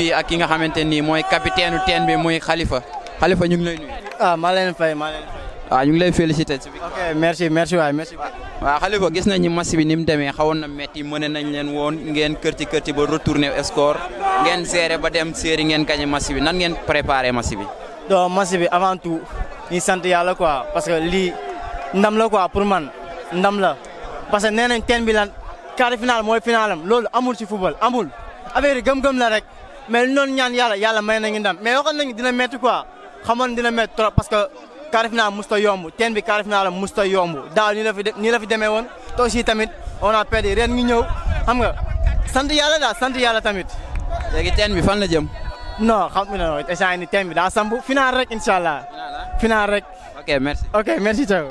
fii ak ki nga xamante nii mooy capitaine teen bi muy Khalifa Khalifa ñu ngi lay nuyu. ah maa leen fay maa leen fay. waaw ah, ñu ngi lay félicité. ok merci merci waay merci. Ah, waaw Khalifa gis nañu match bi ni mu demee xawoon na métti mëne nañ leen woon ngeen kërti kërti ba retourné score ngeen seere ba dem séeri ngeen gagné match nan ngeen préparé match bi. donc match bi avant tout ñu sant yàlla quoi parce que lii ndam la quoi pour man ndam la parce que nee nañ teen bi lan quart de finale mooy finale am loolu amul ci football amul affaire yi gëm-gëm la rek. mais li ñaan yàlla yàlla may nañu ndam mais waxoon nañu dina métti quoi xamoon dina métti trop parce que Carrefour musta yomb teen bi Carrefour la musta yomb daaw nii la fi nii la fi demee woon te aussi tamit on a perdu ren ñu ñëw xam nga sant yàlla daal sant yàlla tamit. léegi teen bi fan la jëm. non xam nga non échange ni teen bi daa sambu final rek incha allah. final rek. ok merci ok merci Thiago.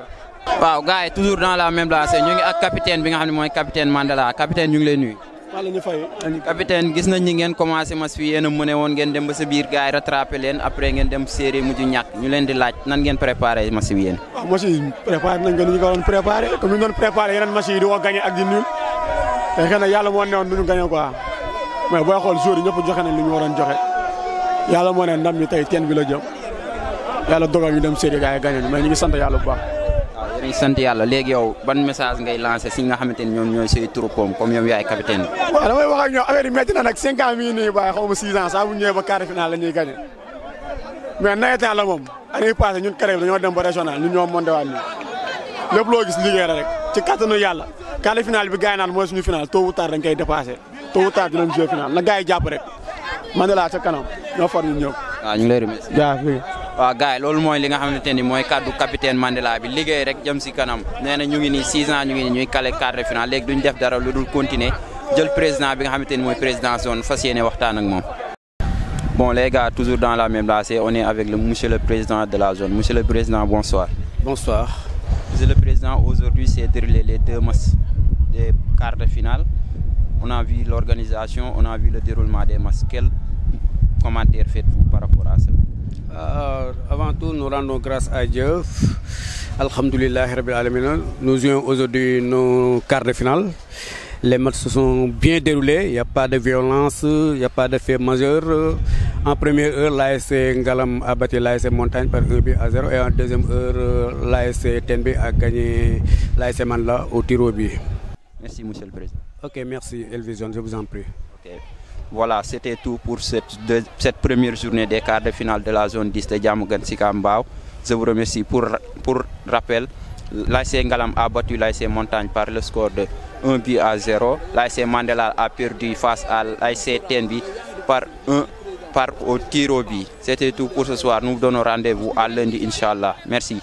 waaw gars yi toujours dans la même lancée ñu ngi ak capitaine bi nga xam ne mooy capitaine capitaine gis nañ ni ngeen commencé mas fi yéen a mëne woon ngeen dem ba sa biir gars yi rattrapé leen après ngeen dem série mujj ñàkk ñu leen di laaj nan ngeen préparé mas bi yéen waaw ah, mas préparé nañ ko ni ñu ko doon préparé comme ñu doon préparé yeneen mas yi di ko gagné ak di nul te xëy na yàlla moo gagné quoi mais booy xool yi ñëpp joxe nañ li ñu waroon joxe yàlla moo ne ndam tey teen bi la jëm yàlla dogal ñu dem série gars yi gagné mais ñu ngi sant yàlla bu baax dañuy yàlla léegi yow ban message ngay lancé si nga ñoom ñooy say troupeau comme yow yaay capitaine bi. waaw damay wax ñoom affaire yi métti na nag nii bàyyi xaw ma six ans saa bu ñëwee ba quart final la ñuy gagné mais nawetaan la moom année passée ñun CREC dañoo dem ba régional ñun ñoo monté waat nii lépp loo gis liggéey ci kattanu yàlla quart final bi gars naan mooy suñu final tôt ou tard dañ koy dépassé tôt ou tard dinañ na ñu ngi lay waaw gars yi loolu li nga capitaine Mandela bi liggéey rek jëm kanam ñu ngi 6 ans ñu ngi ñuy calé quart de finale léegi duñ def dara lu continuer jël président bi nga xamante ni président zone fas waxtaan ak Bon les gars, toujours dans la même place, on est avec le monsieur le président de la zone. Monsieur le président, bonsoir. Bonsoir. Monsieur le président, aujourd'hui c'est déroulé les deux matchs des quarts de finale. On a vu l'organisation, on a vu le déroulement des matchs. Quel commentaire faites-vous par rapport à cela euh, avant tout, nous rendons grâce à Dieu. Alhamdulillah, nous avons aujourd'hui nos quarts de finale. Les matchs se sont bien déroulés, il n'y a pas de violence, il n'y a pas de fait majeur. En première heure, l'ASC Ngalam a battu l'ASC Montagne par 1 à 0 et en deuxième heure, l'ASC Tenbe a gagné l'ASC Mandla au tir Merci, monsieur le président. Ok, merci, Elvision, je vous en prie. Voilà, c'était tout pour cette, première journée des quarts de finale de la zone 10 de Je vous remercie pour, pour rappel. L'AC Ngalam a battu l'IC Montagne par le score de 1 but à 0. L'AC Mandela a perdu face à l'IC Tenbi par un au tir C'était tout pour ce soir. Nous vous donnons rendez-vous à lundi, Inch'Allah. Merci.